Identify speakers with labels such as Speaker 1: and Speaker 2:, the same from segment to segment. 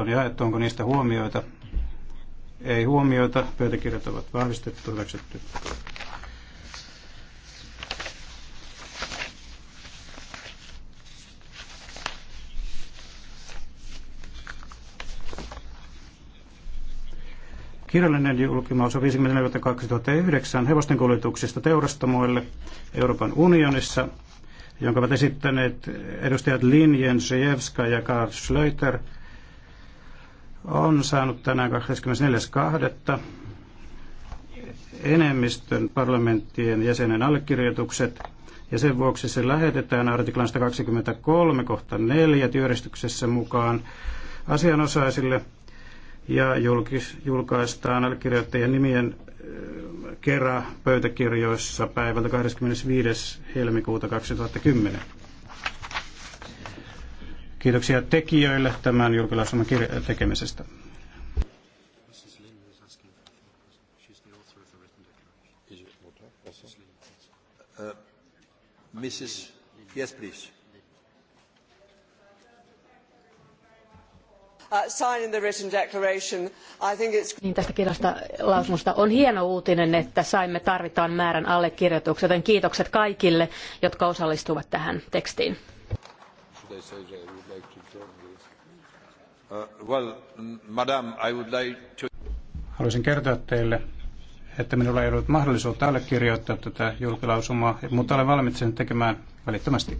Speaker 1: on jaettu, onko niistä huomioita? Ei huomioita, pöytäkirjat ovat vahvistettu, hyväksytty. Kirjallinen julkimaus on 54.2009 hevosten kuljetuksista teurastamoille Euroopan unionissa, jonka ovat esittäneet edustajat Lin, Jensijevska ja Karl Schlöter – on saanut tänään 24.2. enemmistön parlamenttien jäsenen allekirjoitukset ja sen vuoksi se lähetetään artiklan 123 kohta 4 työjärjestyksessä mukaan asianosaisille ja julkis, julkaistaan allekirjoittajien nimien kerran pöytäkirjoissa päivältä 25. helmikuuta 2010. Kiitoksia tekijöille tämän julkilausuman
Speaker 2: tekemisestä. Uh, Mrs. Yes, please. Uh, niin tästä kirjasta lausunnosta on hieno uutinen, että saimme tarvittavan määrän allekirjoituksia, joten kiitokset kaikille, jotka osallistuvat tähän tekstiin they say they would like to join this. Uh, well, madam, I would like to...
Speaker 1: Haluaisin kertoa teille, että minulla ei ollut mahdollisuutta allekirjoittaa tätä julkilausumaa, mutta olen valmis sen tekemään välittömästi.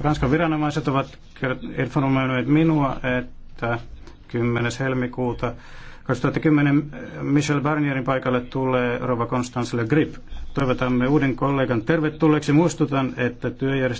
Speaker 1: Ranskan viranomaiset ovat informoineet minua, että 10. helmikuuta 2010 Michel Barnierin paikalle tulee Rova Constance Le Grip. Toivotamme uuden kollegan tervetulleeksi. Muistutan, että työjärjestelmä